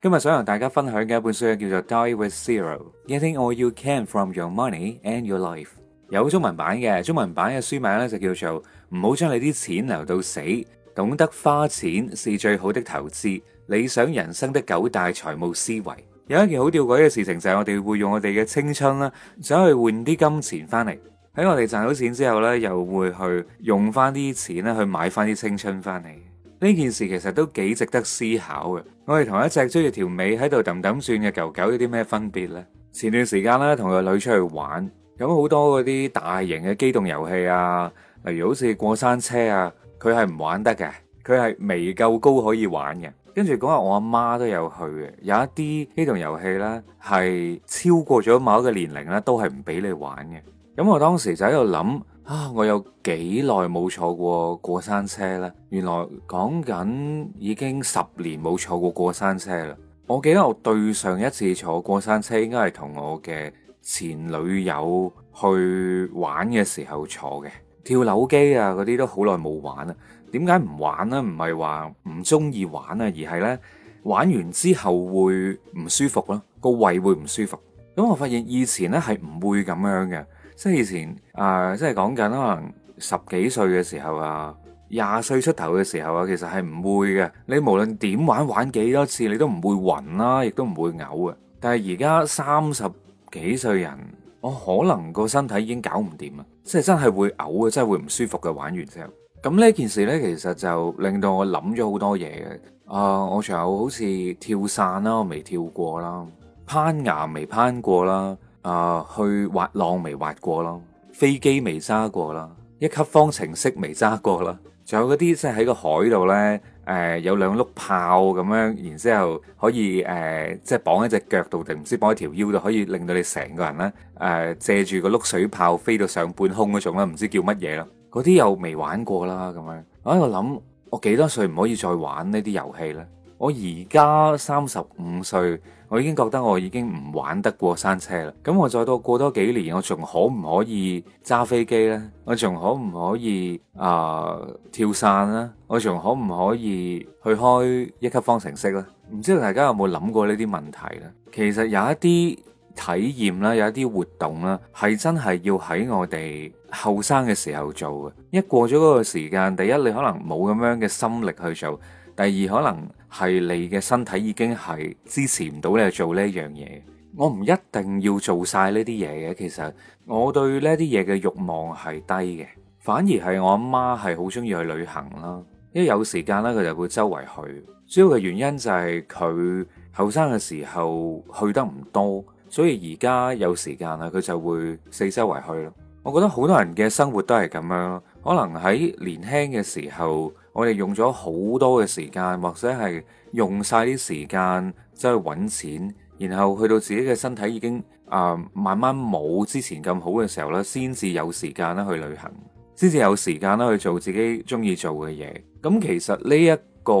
今日想同大家分享嘅一本書叫做《Die with Zero》，Getting All You Can from Your Money and Your Life。有中文版嘅，中文版嘅書名咧就叫做《唔好將你啲錢留到死》，懂得花錢是最好的投資，理想人生的九大財務思維。有一件好吊詭嘅事情就係，我哋會用我哋嘅青春啦，想去換啲金錢翻嚟。喺我哋賺到錢之後咧，又會去用翻啲錢咧去買翻啲青春翻嚟。呢件事其實都幾值得思考嘅。我哋同一隻追住條尾喺度揼揼轉嘅狗狗有啲咩分別呢？前段時間咧同個女出去玩，咁好多嗰啲大型嘅機動遊戲啊，例如好似過山車啊，佢係唔玩得嘅，佢係未夠高可以玩嘅。跟住講下我阿媽都有去嘅，有一啲機動遊戲呢，係超過咗某一個年齡呢，都係唔俾你玩嘅。咁我當時就喺度諗。啊！我有幾耐冇坐過過山車呢？原來講緊已經十年冇坐過過山車啦。我記得我對上一次坐過山車應該係同我嘅前女友去玩嘅時候坐嘅。跳樓機啊嗰啲都好耐冇玩啦。點解唔玩呢？唔係話唔中意玩啊，而係呢，玩完之後會唔舒服囉，個胃會唔舒服。咁我發現以前呢係唔會咁樣嘅。即係以前啊、呃，即係講緊可能十幾歲嘅時候啊，廿歲出頭嘅時候啊，其實係唔會嘅。你無論點玩玩幾多次，你都唔會暈啦、啊，亦都唔會嘔啊。但係而家三十幾歲人，我可能個身體已經搞唔掂啦，即係真係會嘔啊，真係會唔舒服嘅。玩完之後，咁呢件事呢，其實就令到我諗咗好多嘢嘅。啊、呃，我仲有好似跳傘啦，我未跳過啦，攀岩未攀過啦。啊！去滑浪未滑過咯，飛機未揸過啦，一級方程式未揸過啦，仲有嗰啲即係喺個海度呢，誒、呃、有兩碌炮咁樣，然之後可以誒、呃、即係綁喺隻腳度定唔知綁喺條腰度，可以令到你成個人呢，誒借住個碌水炮飛到上半空嗰種啦，唔知叫乜嘢啦，嗰啲又未玩過啦咁樣。哎、啊，我諗我幾多歲唔可以再玩呢啲遊戲呢？我而家三十五歲，我已經覺得我已經唔玩得過山車啦。咁我再到過多幾年，我仲可唔可以揸飛機呢？我仲可唔可以啊、呃、跳傘呢？我仲可唔可以去開一級方程式呢？唔知道大家有冇諗過呢啲問題呢？其實有一啲體驗啦，有一啲活動啦，係真係要喺我哋後生嘅時候做嘅。一過咗嗰個時間，第一你可能冇咁樣嘅心力去做，第二可能，係你嘅身體已經係支持唔到你做呢樣嘢。我唔一定要做晒呢啲嘢嘅，其實我對呢啲嘢嘅欲望係低嘅。反而係我阿媽係好中意去旅行啦，因為有時間咧，佢就會周圍去。主要嘅原因就係佢後生嘅時候去得唔多，所以而家有時間啦，佢就會四周圍去咯。我覺得好多人嘅生活都係咁樣，可能喺年輕嘅時候。我哋用咗好多嘅時間，或者係用晒啲時間，即去揾錢，然後去到自己嘅身體已經啊、呃、慢慢冇之前咁好嘅時候呢，先至有時間咧去旅行，先至有時間咧去做自己中意做嘅嘢。咁其實呢一個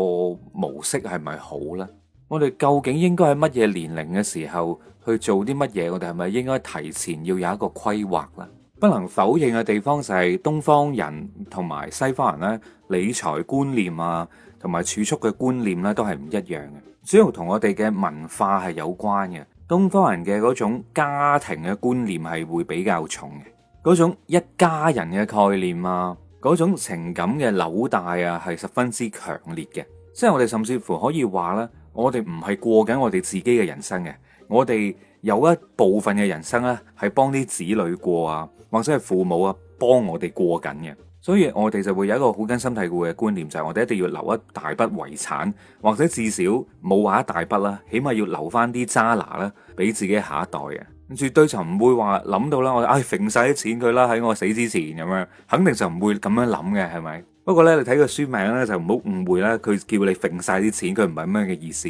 模式係咪好呢？我哋究竟應該喺乜嘢年齡嘅時候去做啲乜嘢？我哋係咪應該提前要有一個規劃呢？不能否認嘅地方就係東方人同埋西方人咧，理財觀念啊，同埋儲蓄嘅觀念咧，都係唔一樣嘅。主要同我哋嘅文化係有關嘅。東方人嘅嗰種家庭嘅觀念係會比較重嘅，嗰種一家人嘅概念啊，嗰種情感嘅紐帶啊，係十分之強烈嘅。即係我哋甚至乎可以話咧，我哋唔係過緊我哋自己嘅人生嘅，我哋。有一部分嘅人生呢，係幫啲子女過啊，或者係父母啊，幫我哋過緊嘅，所以我哋就會有一個好根深蒂固嘅觀念，就係我哋一定要留一大筆遺產，或者至少冇話一大筆啦，起碼要留翻啲渣拿啦，俾自己下一代嘅，絕對就唔會話諗到啦，我哋唉揈晒啲錢佢啦，喺我死之前咁樣，肯定就唔會咁樣諗嘅，係咪？不過呢，你睇個書名呢，就唔好誤會啦，佢叫你揈晒啲錢，佢唔係咁樣嘅意思，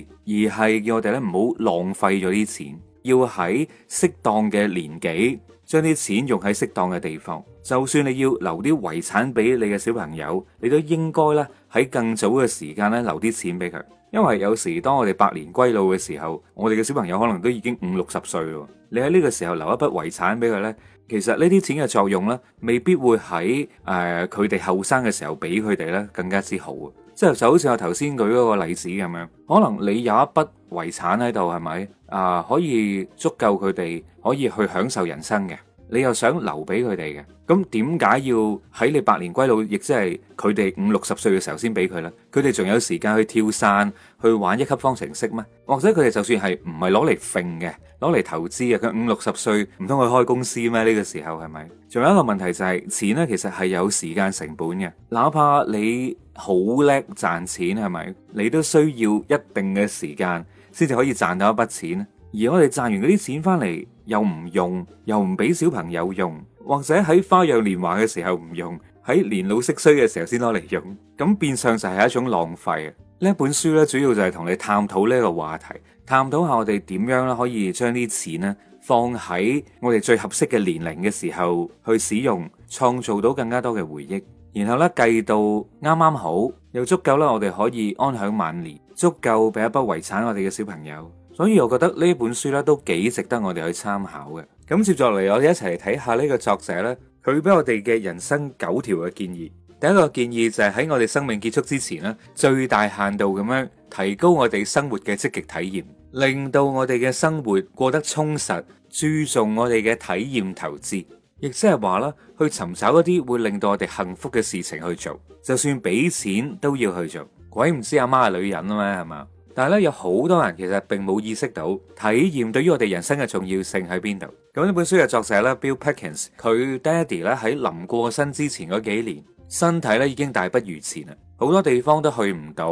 而係叫我哋呢，唔好浪費咗啲錢。要喺適當嘅年紀，將啲錢用喺適當嘅地方。就算你要留啲遺產俾你嘅小朋友，你都應該咧喺更早嘅時間咧留啲錢俾佢。因為有時當我哋百年歸老嘅時候，我哋嘅小朋友可能都已經五六十歲咯。你喺呢個時候留一筆遺產俾佢呢，其實呢啲錢嘅作用咧，未必會喺誒佢哋後生嘅時候俾佢哋呢更加之好。即係就好似我頭先舉嗰個例子咁樣，可能你有一筆遺產喺度，係咪啊？可以足夠佢哋可以去享受人生嘅。你又想留俾佢哋嘅，咁點解要喺你百年歸老，亦即係佢哋五六十歲嘅時候先俾佢咧？佢哋仲有時間去跳傘，去玩一級方程式咩？或者佢哋就算係唔係攞嚟揈嘅，攞嚟投資嘅，佢五六十歲唔通去開公司咩？呢、這個時候係咪？仲有一個問題就係、是、錢呢其實係有時間成本嘅，哪怕你好叻賺錢係咪？你都需要一定嘅時間先至可以賺到一筆錢，而我哋賺完嗰啲錢翻嚟。又唔用，又唔俾小朋友用，或者喺花樣年華嘅時候唔用，喺年老色衰嘅時候先攞嚟用，咁變相就係一種浪費。呢本書呢，主要就係同你探討呢個話題，探討下我哋點樣咧可以將啲錢呢放喺我哋最合適嘅年齡嘅時候去使用，創造到更加多嘅回憶，然後呢，計到啱啱好又足夠啦，我哋可以安享晚年，足夠俾一筆遺產我哋嘅小朋友。所以我覺得呢本書咧都幾值得我哋去參考嘅。咁接落嚟，我哋一齊嚟睇下呢個作者咧，佢俾我哋嘅人生九條嘅建議。第一個建議就係喺我哋生命結束之前咧，最大限度咁樣提高我哋生活嘅積極體驗，令到我哋嘅生活過得充實，注重我哋嘅體驗投資，亦即係話啦，去尋找一啲會令到我哋幸福嘅事情去做，就算俾錢都要去做。鬼唔知阿媽係女人啊嘛，係嘛？但係咧，有好多人其實並冇意識到體驗對於我哋人生嘅重要性喺邊度。咁呢本書嘅作者咧，Bill Perkins，佢爹地咧喺臨過身之前嗰幾年，身體咧已經大不如前啦，好多地方都去唔到，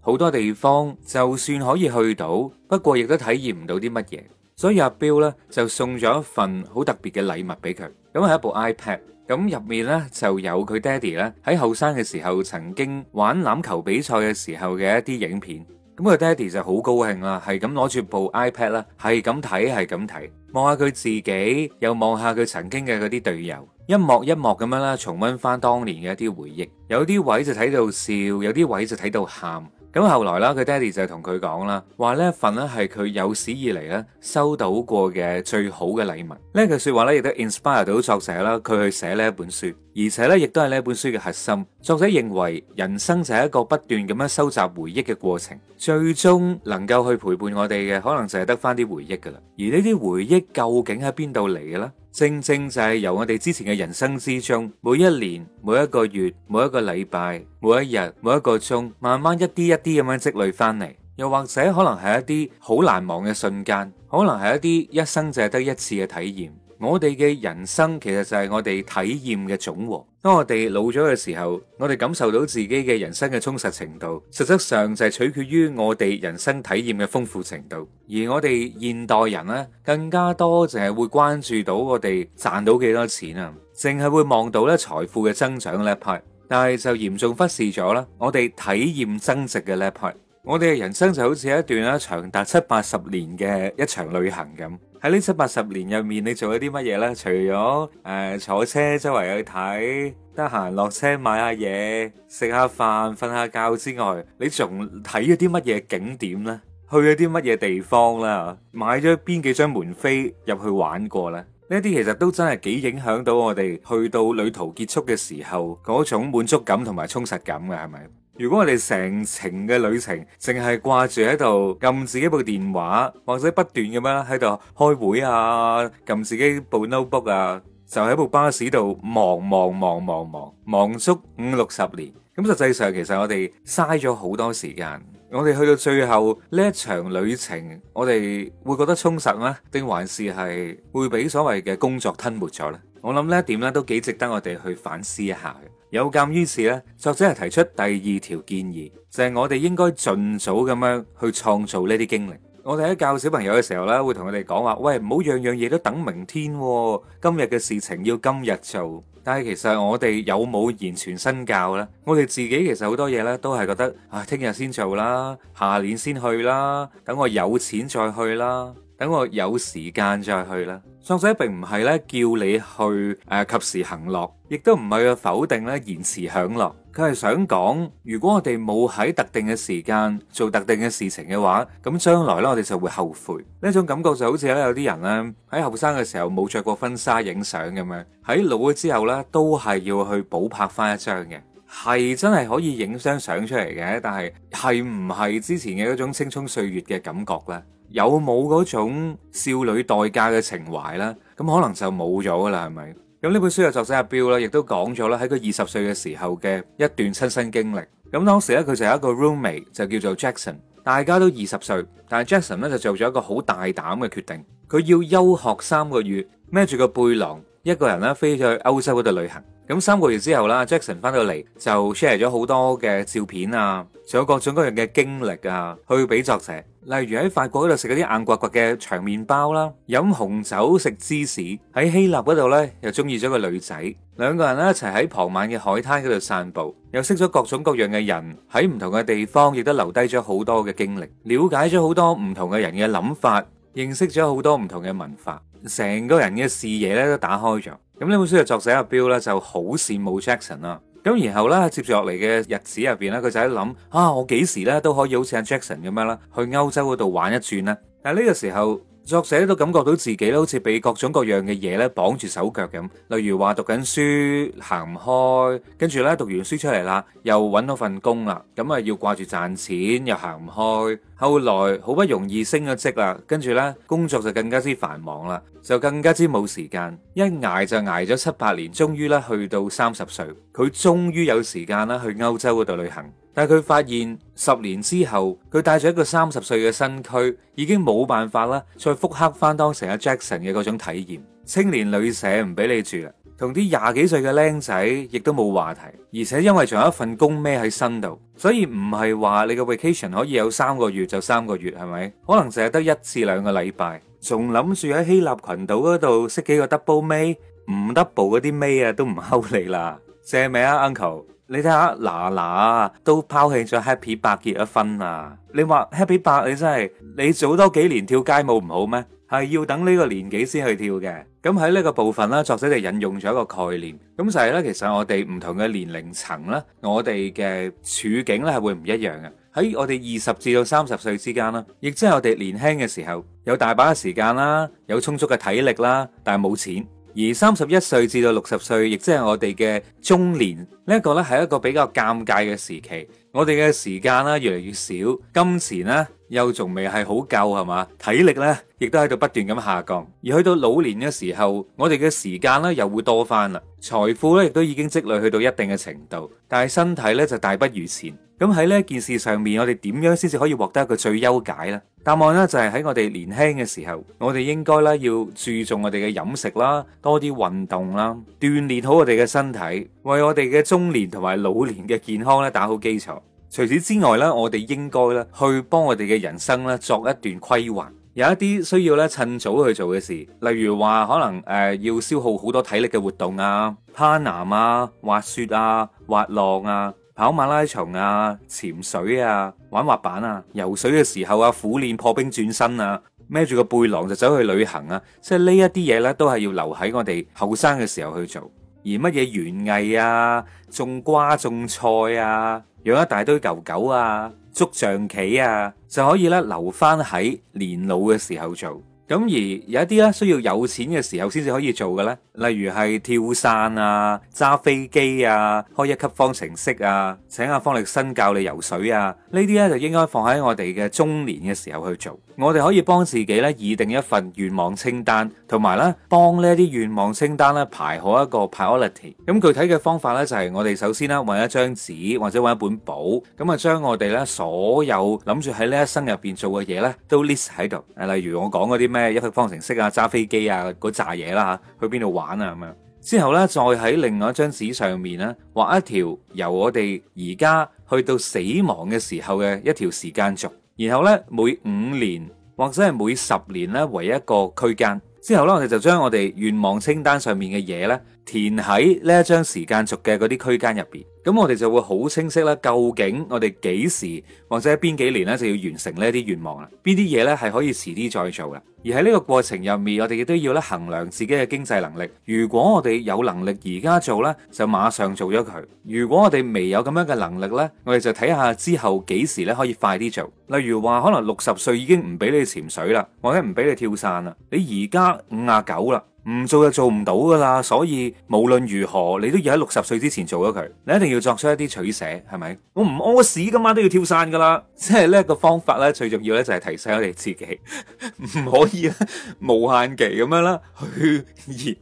好多地方就算可以去到，不過亦都體驗唔到啲乜嘢。所以阿 Bill 咧就送咗一份好特別嘅禮物俾佢，咁係一部 iPad，咁入面咧就有佢爹地咧喺後生嘅時候曾經玩欖球比賽嘅時候嘅一啲影片。咁個爹哋就好高興啦，係咁攞住部 iPad 啦，係咁睇，係咁睇，望下佢自己，又望下佢曾經嘅嗰啲隊友，一幕一幕咁樣啦，重溫翻當年嘅一啲回憶，有啲位就睇到笑，有啲位就睇到喊。咁後來啦，佢爹哋就同佢講啦，話呢份咧係佢有史以嚟咧收到過嘅最好嘅禮物。呢句說話咧，亦都 inspire 到作者啦，佢去寫呢一本書，而且咧亦都係呢一本書嘅核心。作者認為人生就係一個不斷咁樣收集回憶嘅過程，最終能夠去陪伴我哋嘅，可能就係得翻啲回憶噶啦。而呢啲回憶究竟喺邊度嚟嘅咧？正正就係由我哋之前嘅人生之中，每一年、每一個月、每一個禮拜、每一日、每一個鐘，慢慢一啲一啲咁樣積累翻嚟，又或者可能係一啲好難忘嘅瞬間，可能係一啲一生就係得一次嘅體驗。我哋嘅人生其實就係我哋體驗嘅總和。當我哋老咗嘅時候，我哋感受到自己嘅人生嘅充實程度，實質上就係取決於我哋人生體驗嘅豐富程度。而我哋現代人咧，更加多淨係會關注到我哋賺到幾多錢啊，淨係會望到咧財富嘅增長呢一 part，但係就嚴重忽視咗啦，我哋體驗增值嘅呢一 part。我哋嘅人生就好似一段啦，長達七八十年嘅一場旅行咁。喺呢七八十年入面，你做咗啲乜嘢呢？除咗誒坐車周圍去睇，得閒落車買下嘢、食下飯、瞓下覺之外，你仲睇咗啲乜嘢景點呢？去咗啲乜嘢地方啦？買咗邊幾張門飛入去玩過呢？呢一啲其實都真係幾影響到我哋去到旅途結束嘅時候嗰種滿足感同埋充實感嘅，係咪？如果我哋成程嘅旅程淨係掛住喺度撳自己部電話，或者不斷咁樣喺度開會啊，撳自己部 notebook 啊，就喺部巴士度忙忙忙忙忙忙足五六十年，咁實際上其實我哋嘥咗好多時間，我哋去到最後呢一場旅程，我哋會覺得充實咧，定還是係會俾所謂嘅工作吞沒咗呢？我諗呢一點咧都幾值得我哋去反思一下嘅。有鑒於此，咧，作者係提出第二條建議，就係、是、我哋應該盡早咁樣去創造呢啲經歷。我哋喺教小朋友嘅時候咧，會同佢哋講話，喂，唔好樣樣嘢都等明天，啊，今日嘅事情要今日做。但係其實我哋有冇言傳身教呢？我哋自己其實好多嘢咧，都係覺得啊，聽日先做啦，下年先去啦，等我有錢再去啦。等我有時間再去啦。作者並唔係咧叫你去誒、呃、及時行樂，亦都唔係去否定咧延遲享樂。佢係想講，如果我哋冇喺特定嘅時間做特定嘅事情嘅話，咁將來咧我哋就會後悔。呢一種感覺就好似咧有啲人咧喺後生嘅時候冇着過婚紗影相咁樣，喺老咗之後咧都係要去補拍翻一張嘅，係真係可以影張相出嚟嘅，但係係唔係之前嘅嗰種青葱歲月嘅感覺咧？有冇嗰種少女代價嘅情懷咧？咁可能就冇咗啦，係咪？咁呢本書嘅作者阿 Bill 咧，亦都講咗咧喺佢二十歲嘅時候嘅一段親身經歷。咁當時咧佢就有一個 roommate 就叫做 Jackson，大家都二十歲，但係 Jackson 咧就做咗一個好大膽嘅決定，佢要休學三個月，孭住個背囊，一個人咧飛咗去歐洲嗰度旅行。咁三個月之後啦，Jackson 翻到嚟就 share 咗好多嘅照片啊，仲有各種各樣嘅經歷啊，去俾作者。例如喺法國嗰度食嗰啲硬刮刮嘅長麵包啦，飲紅酒食芝士；喺希臘嗰度呢，又中意咗個女仔，兩個人咧一齊喺傍晚嘅海灘嗰度散步，又識咗各種各樣嘅人，喺唔同嘅地方亦都留低咗好多嘅經歷，了解咗好多唔同嘅人嘅諗法，認識咗好多唔同嘅文化，成個人嘅視野咧都打開咗。咁呢本書嘅作者阿彪咧就好羨慕 Jackson 啦，咁然後咧，接住落嚟嘅日子入邊咧，佢就喺度諗啊，我幾時咧都可以好似阿、啊、Jackson 咁樣啦，去歐洲嗰度玩一轉咧。但係呢個時候，作者都感覺到自己咧，好似被各種各樣嘅嘢咧綁住手腳咁。例如話讀緊書行唔開，跟住咧讀完書出嚟啦，又揾到份工啦，咁啊要掛住賺錢又行唔開。後來好不容易升咗職啦，跟住咧工作就更加之繁忙啦，就更加之冇時間。一挨就挨咗七八年，終於咧去到三十歲，佢終於有時間啦去歐洲嗰度旅行。但係佢發現十年之後，佢帶住一個三十歲嘅身軀，已經冇辦法啦，再復刻翻當時阿 Jackson 嘅嗰種體驗。青年旅社唔俾你住啦，同啲廿幾歲嘅僆仔亦都冇話題，而且因為仲有一份工孭喺身度，所以唔係話你個 vacation 可以有三個月就三個月，係咪？可能淨係得一至兩個禮拜，仲諗住喺希臘群島嗰度識幾個 double 妹、唔 double 嗰啲妹啊，都唔嬲你啦，借命啊，uncle！你睇下，嗱嗱啊，都拋棄咗 Happy 八結咗婚啊！你話 Happy 八，你真係你早多幾年跳街舞唔好咩？係要等呢個年紀先去跳嘅。咁喺呢個部分啦，作者就引用咗一個概念，咁就係呢，其實我哋唔同嘅年齡層啦，我哋嘅處境咧係會唔一樣嘅。喺我哋二十至到三十歲之間啦，亦即係我哋年輕嘅時候，有大把嘅時間啦，有充足嘅體力啦，但係冇錢。而三十一歲至到六十歲，亦即係我哋嘅中年，呢一個咧係一個比較尷尬嘅時期。我哋嘅時間啦越嚟越少，金錢咧又仲未係好夠係嘛，體力呢亦都喺度不斷咁下降。而去到老年嘅時候，我哋嘅時間咧又會多翻啦，財富呢亦都已經積累去到一定嘅程度，但係身體呢就大不如前。咁喺呢件事上面，我哋點樣先至可以獲得一個最優解呢？答案呢就係、是、喺我哋年輕嘅時候，我哋應該咧要注重我哋嘅飲食啦，多啲運動啦，鍛鍊好我哋嘅身體，為我哋嘅中年同埋老年嘅健康咧打好基礎。除此之外呢，我哋應該呢去幫我哋嘅人生呢作一段規劃，有一啲需要呢趁早去做嘅事，例如話可能誒、呃、要消耗好多體力嘅活動啊，攀岩啊、滑雪啊、滑浪啊。跑馬拉松啊、潛水啊、玩滑板啊、游水嘅時候啊、苦練破冰轉身啊、孭住個背囊就走去旅行啊，即係呢一啲嘢呢都係要留喺我哋後生嘅時候去做；而乜嘢園藝啊、種瓜種菜啊、養一大堆狗狗啊、捉象棋啊，就可以呢留翻喺年老嘅時候做。咁而有一啲咧需要有錢嘅時候先至可以做嘅咧，例如係跳傘啊、揸飛機啊、開一級方程式啊、請阿方力申教你游水啊，呢啲咧就應該放喺我哋嘅中年嘅時候去做。我哋可以幫自己咧擬定一份願望清單，同埋咧幫呢啲願望清單咧排好一個 priority。咁具體嘅方法咧就係、是、我哋首先啦，揾一張紙或者揾一本簿，咁啊將我哋咧所有諗住喺呢一生入邊做嘅嘢咧都 list 喺度。誒、啊，例如我講嗰啲咩一級方程式啊、揸飛機啊嗰扎嘢啦吓，去邊度玩啊咁樣。之後咧再喺另外一張紙上面咧畫一條由我哋而家去到死亡嘅時候嘅一條時間軸。然後咧，每五年或者係每十年咧為一個區間，之後咧，我哋就將我哋願望清單上面嘅嘢咧，填喺呢一張時間軸嘅嗰啲區間入邊，咁我哋就會好清晰啦。究竟我哋幾時或者邊幾年呢，就要完成呢啲願望啦。邊啲嘢呢，係可以遲啲再做啦。而喺呢個過程入面，我哋亦都要咧衡量自己嘅經濟能力。如果我哋有能力而家做呢，就馬上做咗佢；如果我哋未有咁樣嘅能力呢，我哋就睇下之後幾時呢，可以快啲做。例如話，可能六十歲已經唔俾你潛水啦，或者唔俾你跳傘啦。你而家五十九啦。唔做就做唔到噶啦，所以無論如何，你都要喺六十歲之前做咗佢。你一定要作出一啲取捨，係咪？我唔屙屎今晚都要跳傘噶啦，即係呢個方法呢，最重要呢，就係提醒我哋自己，唔 可以咧無限期咁樣啦，去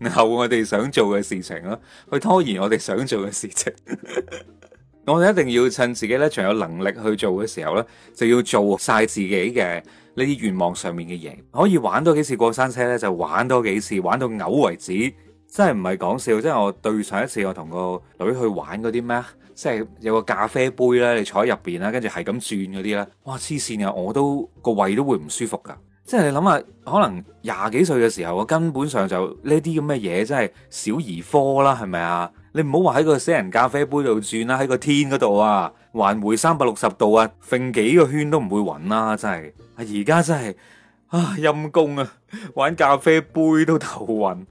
延後我哋想做嘅事情啦，去拖延我哋想做嘅事情。 我哋一定要趁自己呢，仲有能力去做嘅時候呢，就要做晒自己嘅。呢啲願望上面嘅嘢，可以玩多幾次過山車呢，就玩多幾次，玩到嘔為止，真係唔係講笑。真係我對上一次我同個女去玩嗰啲咩，即係有個咖啡杯呢，你坐喺入邊啦，跟住係咁轉嗰啲呢。哇黐線啊！我都個胃都會唔舒服㗎。即係你諗下，可能廿幾歲嘅時候，我根本上就呢啲咁嘅嘢，真係小兒科啦，係咪啊？你唔好話喺個死人咖啡杯度轉啦，喺個天嗰度啊！環回三百六十度啊，揈幾個圈都唔會暈啦，啊，真係！而家真係啊陰功啊，玩咖啡杯都頭暈，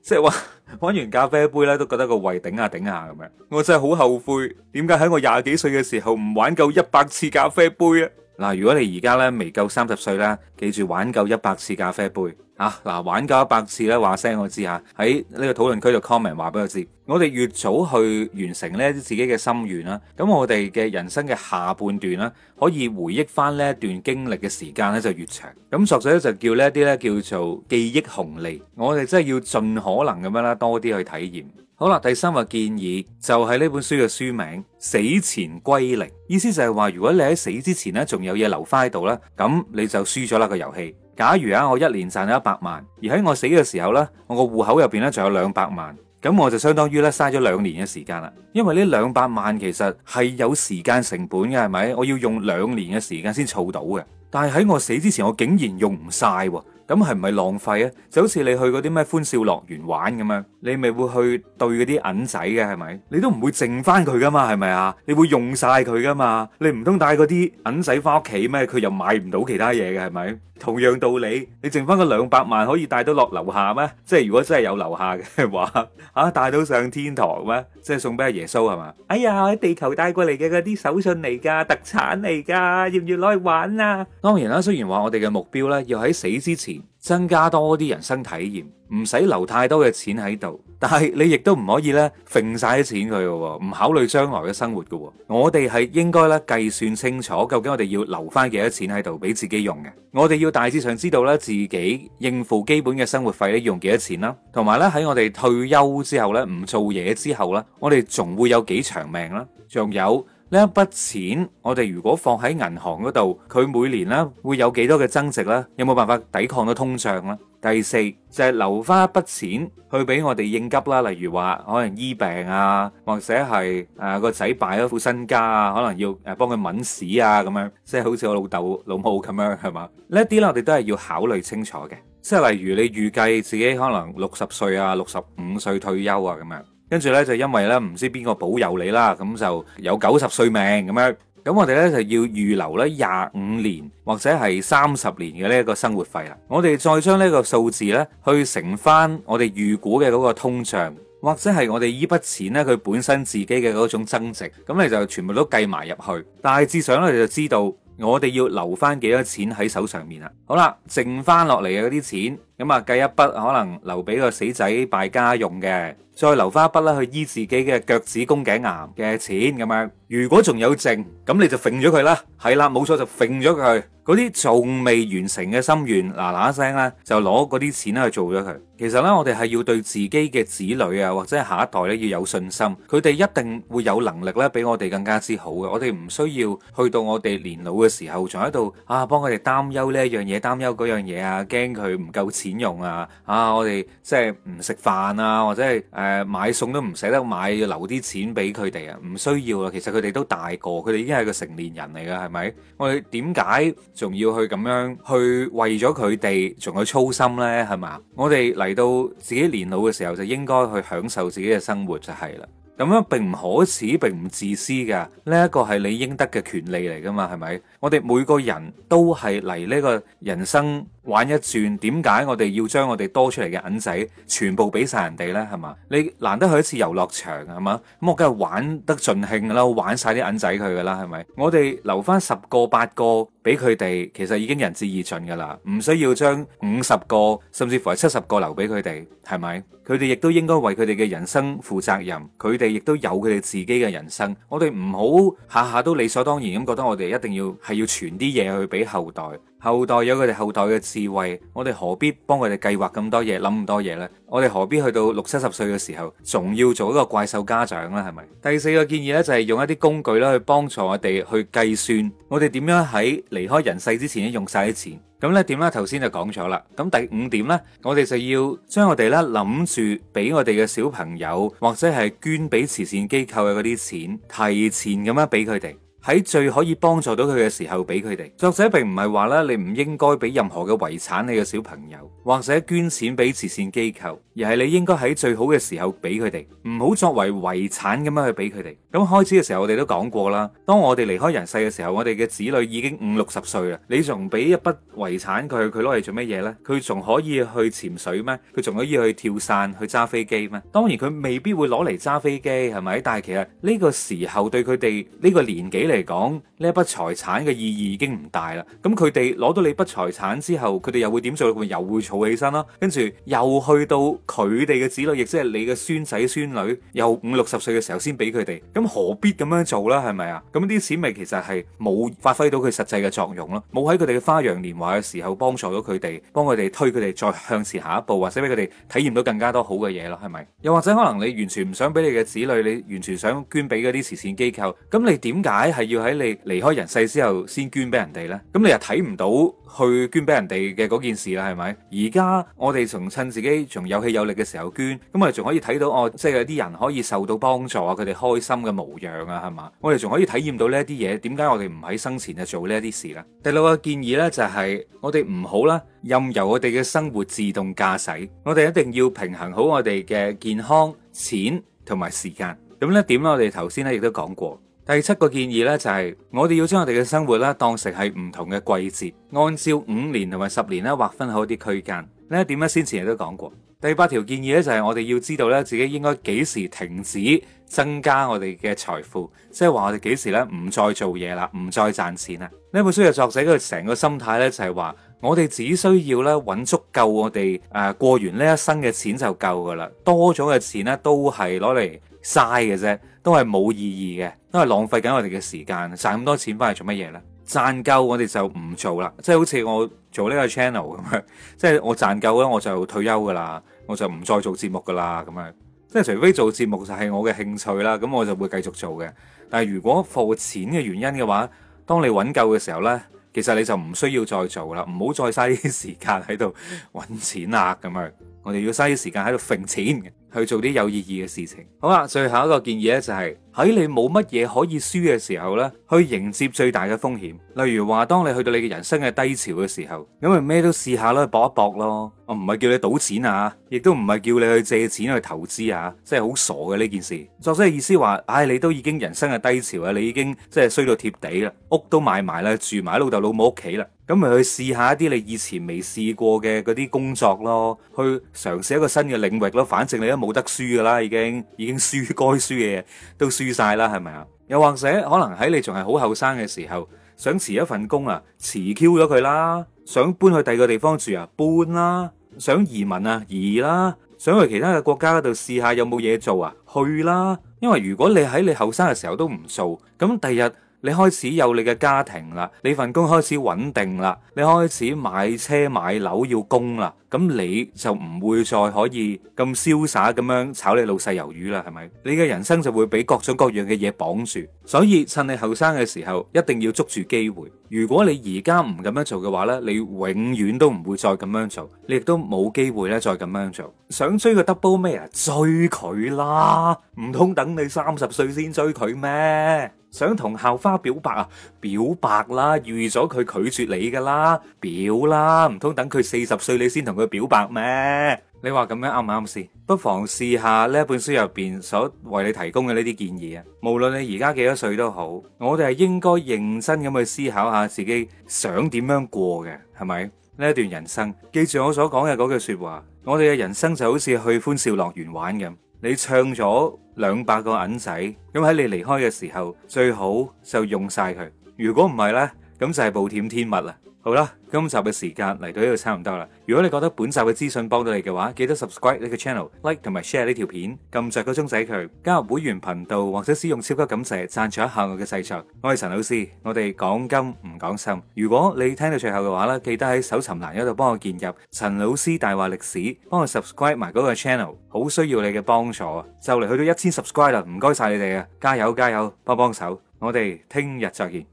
即係話玩，玩完咖啡杯咧，都覺得個胃頂下頂下咁樣。我真係好後悔，點解喺我廿幾歲嘅時候唔玩夠一百次咖啡杯啊！嗱，如果你而家咧未夠三十歲咧，記住玩夠一百次咖啡杯啊！嗱，玩夠一百次咧，話聲我知嚇，喺呢個討論區度 comment 話俾我知。我哋越早去完成呢啲自己嘅心願，啦，咁我哋嘅人生嘅下半段啦，可以回憶返呢一段經歷嘅時間咧就越長。咁作者咧就叫呢一啲咧叫做記憶紅利。我哋真係要盡可能咁樣啦，多啲去體驗。好啦，第三個建議就係、是、呢本書嘅書名《死前歸零》，意思就係話如果你喺死之前呢仲有嘢留返喺度呢，咁你就輸咗啦、這個遊戲。假如啊，我一年賺咗一百萬，而喺我死嘅時候呢，我個戶口入邊呢仲有兩百萬，咁我就相當於呢嘥咗兩年嘅時間啦。因為呢兩百萬其實係有時間成本嘅，係咪？我要用兩年嘅時間先儲到嘅，但係喺我死之前，我竟然用唔晒。咁係唔係浪費啊？就好似你去嗰啲咩歡笑樂園玩咁樣，你咪會去兌嗰啲銀仔嘅係咪？你都唔會剩翻佢噶嘛，係咪啊？你會用晒佢噶嘛？你唔通帶嗰啲銀仔翻屋企咩？佢又買唔到其他嘢嘅係咪？同樣道理，你剩翻個兩百萬可以帶到落樓下咩？即係如果真係有樓下嘅話，嚇、啊、帶到上天堂咩？即係送俾阿耶穌係嘛？哎呀，喺地球帶過嚟嘅嗰啲手信嚟㗎，特產嚟㗎，要唔要攞去玩啊？當然啦，雖然話我哋嘅目標呢，要喺死之前增加多啲人生體驗，唔使留太多嘅錢喺度。但係你亦都唔可以咧，揈晒啲錢佢嘅，唔考慮將來嘅生活嘅。我哋係應該咧，計算清楚，究竟我哋要留翻幾多錢喺度俾自己用嘅。我哋要大致上知道咧，自己應付基本嘅生活費咧，用幾多錢啦，同埋咧，喺我哋退休之後咧，唔做嘢之後啦，我哋仲會有幾長命啦。仲有呢一筆錢，我哋如果放喺銀行嗰度，佢每年咧，會有幾多嘅增值咧？有冇辦法抵抗到通脹咧？第四就係留翻一筆錢去俾我哋應急啦，例如話可能醫病啊，或者係誒個仔敗咗副身家啊，可能要誒幫佢孭數啊咁樣，即係好似我老豆老母咁樣係嘛？呢一啲咧我哋都係要考慮清楚嘅，即係例如你預計自己可能六十歲啊、六十五歲退休啊咁樣，跟住咧就因為咧唔知邊個保佑你啦，咁就有九十歲命咁樣。咁我哋咧就要預留咧廿五年或者係三十年嘅呢一個生活費啦。我哋再將呢個數字咧去乘翻我哋預估嘅嗰個通脹，或者係我哋呢筆錢咧佢本身自己嘅嗰種增值，咁你就全部都計埋入去。大致上咧，就知道我哋要留翻幾多錢喺手上面啦。好啦，剩翻落嚟嘅嗰啲錢。咁啊，計一筆可能留俾個死仔敗家用嘅，再留翻一筆啦、啊、去醫自己嘅腳趾宮頸癌嘅錢咁樣、啊。如果仲有剩，咁你就揈咗佢啦。係啦、啊，冇錯就揈咗佢。嗰啲仲未完成嘅心願，嗱嗱聲咧就攞嗰啲錢去做咗佢。其實咧，我哋係要對自己嘅子女啊，或者下一代咧要有信心，佢哋一定會有能力咧，比我哋更加之好嘅。我哋唔需要去到我哋年老嘅時候，仲喺度啊，幫佢哋擔憂呢一樣嘢，擔憂嗰樣嘢啊，驚佢唔夠錢錢用啊！啊，我哋即係唔食飯啊，或者係誒、呃、買餸都唔捨得買，要留啲錢俾佢哋啊！唔需要啦，其實佢哋都大個，佢哋已經係個成年人嚟噶，係咪？我哋點解仲要去咁樣去為咗佢哋仲去操心呢？係咪？我哋嚟到自己年老嘅時候就應該去享受自己嘅生活就係啦。咁樣並唔可恥，並唔自私噶。呢一個係你應得嘅權利嚟噶嘛？係咪？我哋每個人都係嚟呢個人生。玩一轉，點解我哋要將我哋多出嚟嘅銀仔全部俾晒人哋呢？係嘛？你難得去一次遊樂場，係嘛？咁我梗係玩得盡興啦，玩晒啲銀仔佢噶啦，係咪？我哋留返十個八個俾佢哋，其實已經仁至義盡噶啦，唔需要將五十個甚至乎係七十個留俾佢哋，係咪？佢哋亦都應該為佢哋嘅人生負責任，佢哋亦都有佢哋自己嘅人生。我哋唔好下下都理所當然咁覺得，我哋一定要係要傳啲嘢去俾後代。後代有佢哋後代嘅智慧，我哋何必幫佢哋計劃咁多嘢，諗咁多嘢呢？我哋何必去到六七十歲嘅時候，仲要做一個怪獸家長呢？係咪？第四個建議呢，就係用一啲工具啦，去幫助我哋去計算我哋點樣喺離開人世之前用晒啲錢。咁呢點咧，頭先就講咗啦。咁第五點呢，我哋就要將我哋呢諗住俾我哋嘅小朋友或者係捐俾慈善機構嘅嗰啲錢，提前咁樣俾佢哋。喺最可以幫助到佢嘅時候，俾佢哋。作者並唔係話咧，你唔應該俾任何嘅遺產你嘅小朋友，或者捐錢俾慈善機構，而係你應該喺最好嘅時候俾佢哋，唔好作為遺產咁樣去俾佢哋。咁開始嘅時候，我哋都講過啦。當我哋離開人世嘅時候，我哋嘅子女已經五六十歲啦。你仲俾一筆遺產佢，佢攞嚟做乜嘢呢？佢仲可以去潛水咩？佢仲可以去跳傘、去揸飛機咩？當然佢未必會攞嚟揸飛機，係咪？但係其實呢個時候對佢哋呢個年紀嚟嚟講呢一筆財產嘅意義已經唔大啦，咁佢哋攞到你筆財產之後，佢哋又會點做？會又會儲起身啦，跟住又去到佢哋嘅子女，亦即係你嘅孫仔孫女，又五六十歲嘅時候先俾佢哋，咁何必咁樣做呢？係咪啊？咁啲錢咪其實係冇發揮到佢實際嘅作用咯，冇喺佢哋嘅花樣年華嘅時候幫助到佢哋，幫佢哋推佢哋再向前下一步，或者俾佢哋體驗到更加多好嘅嘢咯，係咪？又或者可能你完全唔想俾你嘅子女，你完全想捐俾嗰啲慈善機構，咁你點解？係要喺你離開人世之後先捐俾人哋咧，咁你又睇唔到去捐俾人哋嘅嗰件事啦，係咪？而家我哋仲趁自己仲有氣有力嘅時候捐，咁我哋仲可以睇到哦，即係有啲人可以受到幫助啊，佢哋開心嘅模樣啊，係嘛？我哋仲可以體驗到呢一啲嘢，點解我哋唔喺生前就做呢一啲事啦？第六個建議呢，就係我哋唔好啦，任由我哋嘅生活自動駕駛，我哋一定要平衡好我哋嘅健康、錢同埋時間。咁呢點咧？我哋頭先咧亦都講過。第七個建議呢，就係我哋要將我哋嘅生活咧當成係唔同嘅季節，按照五年同埋十年咧劃分好啲區間。呢一點咧先前亦都講過。第八條建議呢，就係我哋要知道呢自己應該幾時停止增加我哋嘅財富，即係話我哋幾時呢唔再做嘢啦，唔再賺錢啦。呢本書嘅作者嗰個成個心態呢，就係話，我哋只需要呢揾足夠我哋誒過完呢一生嘅錢就夠噶啦，多咗嘅錢呢，都係攞嚟嘥嘅啫。都係冇意義嘅，都係浪費緊我哋嘅時間。賺咁多錢翻嚟做乜嘢呢？賺夠我哋就唔做啦，即係好似我做呢個 channel 咁樣，即係我賺夠咧，我就退休噶啦，我就唔再做節目噶啦咁樣。即係除非做節目就係我嘅興趣啦，咁我就會繼續做嘅。但係如果付錢嘅原因嘅話，當你揾夠嘅時候呢，其實你就唔需要再做啦，唔好再嘥啲時間喺度揾錢啦咁樣。我哋要嘥啲時間喺度揈錢，去做啲有意義嘅事情。好啦，最後一個建議咧，就係喺你冇乜嘢可以輸嘅時候咧，去迎接最大嘅風險。例如話，當你去到你嘅人生嘅低潮嘅時候，咁咪咩都試下咯，搏一搏咯。我唔係叫你賭錢啊，亦都唔係叫你去借錢去投資啊，即係好傻嘅呢件事。作者嘅意思話，唉，你都已經人生嘅低潮啊，你已經即係衰到貼地啦，屋都買埋啦，住埋老豆老母屋企啦。咁咪去試下一啲你以前未試過嘅嗰啲工作咯，去嘗試一個新嘅領域咯。反正你都冇得輸噶啦，已經已經輸該輸嘅嘢都輸晒啦，係咪啊？又或者可能喺你仲係好後生嘅時候，想辭一份工啊，辭 Q 咗佢啦。想搬去第二個地方住啊，搬啦。想移民啊，移啦。想去其他嘅國家嗰度試下有冇嘢做啊，去啦。因為如果你喺你後生嘅時候都唔做，咁第日，你開始有你嘅家庭啦，你份工開始穩定啦，你開始買車買樓要供啦，咁你就唔會再可以咁瀟灑咁樣炒你老細魷魚啦，係咪？你嘅人生就會俾各種各樣嘅嘢綁住，所以趁你後生嘅時候一定要捉住機會。如果你而家唔咁樣做嘅話呢，你永遠都唔會再咁樣做，你亦都冇機會咧再咁樣做。想追個 double 咩啊？追佢啦，唔通等你三十歲先追佢咩？想同校花表白啊！表白啦，預咗佢拒絕你噶啦，表啦，唔通等佢四十歲你先同佢表白咩？你話咁樣啱唔啱先？不妨試下呢一本書入邊所為你提供嘅呢啲建議啊！無論你而家幾多歲都好，我哋係應該認真咁去思考下自己想點樣過嘅，係咪呢一段人生？記住我所講嘅嗰句說話，我哋嘅人生就好似去歡笑樂園玩咁。你唱咗兩百個銀仔，咁喺你離開嘅時候，最好就用晒佢。如果唔係呢，咁就係暴殄天物啦。好啦。今集嘅時間嚟到呢度差唔多啦。如果你覺得本集嘅資訊幫到你嘅話，記得 subscribe 呢個 channel、like 同埋 share 呢條片，撳着個鐘仔佢，加入會員頻道或者使用超級感謝贊助一下我嘅製作。我係陳老師，我哋講金唔講心。如果你聽到最後嘅話呢，記得喺搜尋欄嗰度幫我建入陳老師大話歷史，幫我 subscribe 埋嗰個 channel，好需要你嘅幫助啊！就嚟去到一千 subscribe 啦，唔該晒你哋啊！加油加油，幫幫手，我哋聽日再見。